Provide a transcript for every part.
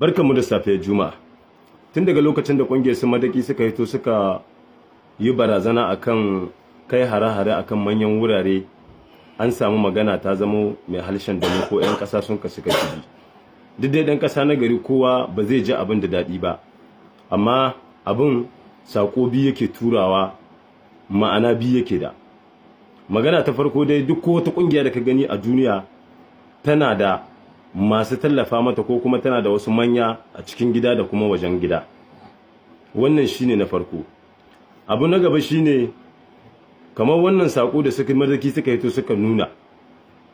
barkanmu da safiyar juma'a tun daga lokacin da kungiyar su madaki suka hito suka yi barazana akan kai hare-hare akan manyan wurare an samu magana ta zama mai halshen da ko 'yan ƙasa sun kasu kashi duk dai ɗan ƙasa na gari kowa ba zai ji abin da daɗi ba amma abin sako biyu yake turawa ma'ana biyu yake da magana ta farko dai duk wata ƙungiya da ka gani a duniya tana da masu tallafa mata ko kuma tana da wasu manya a cikin gida da kuma wajen gida wannan shine na farko abu na gaba shine kamar wannan sako da suka marzaki suka hito suka nuna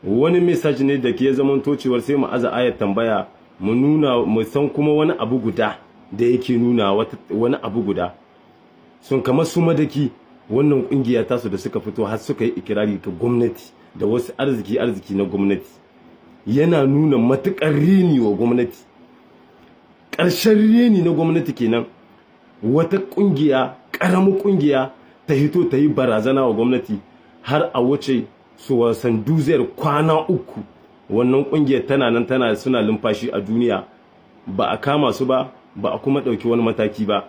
wani message ne da ke zaman tocewar sai mu aza ayat tambaya mu nuna mu san kuma wani abu guda da yake nuna wani abu guda sun kamar su madaki wannan kungiya tasu da suka fito har suka yi ikirari ga gwamnati da wasu arziki arziki na gwamnati yana nuna matuƙar reni wa gwamnati ƙarshen reni na gwamnati kenan wata ƙungiya ƙaramin ƙungiya ta hito ta yi barazana wa gwamnati har a wuce su wasan duziyar kwana uku wannan ƙungiyar tana nan tana suna lumfashi a duniya ba a kama su ba ba a kuma ɗauki wani mataki ba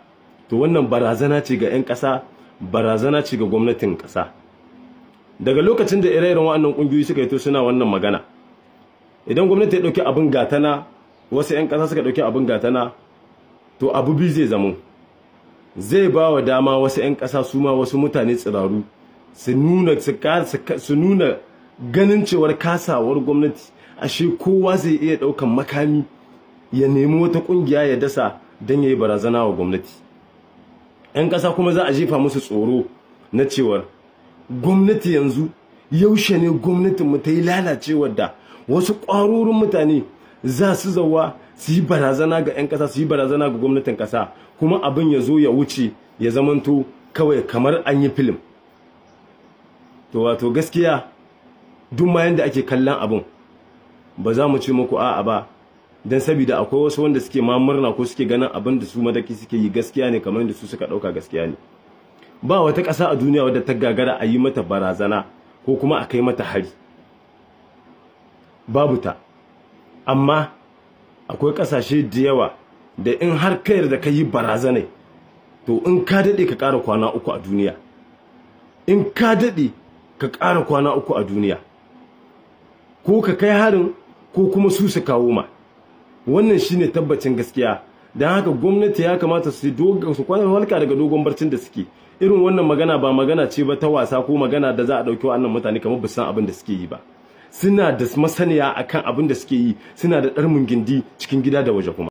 to wannan barazana ce ga 'yan ƙasa barazana ce ga gwamnatin ƙasa daga lokacin da ire-iren waɗannan ƙungiyoyi suka yi to suna wannan magana idan gwamnati ya ɗauki abin gatana wasu 'yan ƙasa suka ɗauki abin gatana to abu biyu zai zamo zai ba wa dama wasu 'yan ƙasa su ma wasu mutane tsiraru su nuna ganin cewar kasawar gwamnati ashe kowa zai iya ɗaukan makami ya nemi wata ƙungiya ya dasa don ya yi barazana wa gwamnati 'yan ƙasa kuma za a jefa musu tsoro na cewar gwamnati yanzu yaushe ne gwamnatinmu ta yi lalacewar da wasu ƙwarorin mutane za su zawa su yi barazana ga 'yan ƙasa su yi barazana ga gwamnatin ƙasa kuma abin ya zo ya wuce ya zamanto kawai kamar an yi filim to wato gaskiya duk ma yanda ake kallon abin ba za mu ce muku a'a ba don sabida akwai wasu wanda suke ma murna ko suke ganin abin da su madaki suke yi gaskiya ne kamar yadda su suka ɗauka gaskiya ne ba wata ƙasa a duniya wadda ta gagara a yi mata barazana ko kuma a kai mata hari babu ta amma akwai kasashe da yawa da in har kayar da ka yi barazana to in ka dade ka ƙara kwana uku a duniya in ka daɗe ka ƙara kwana uku a duniya ko ka kai harin ko kuma su su kawo ma wannan shine tabbacin gaskiya don haka gwamnati ya kamata su su kwanar halka daga dogon barcin da suke irin wannan magana ba magana ce ba ta wasa ko magana da za a ɗauki wannan mutane kamar bisan abin da suke yi ba suna da masaniya akan abin da suke yi suna da ɗarmin gindi cikin gida da waje kuma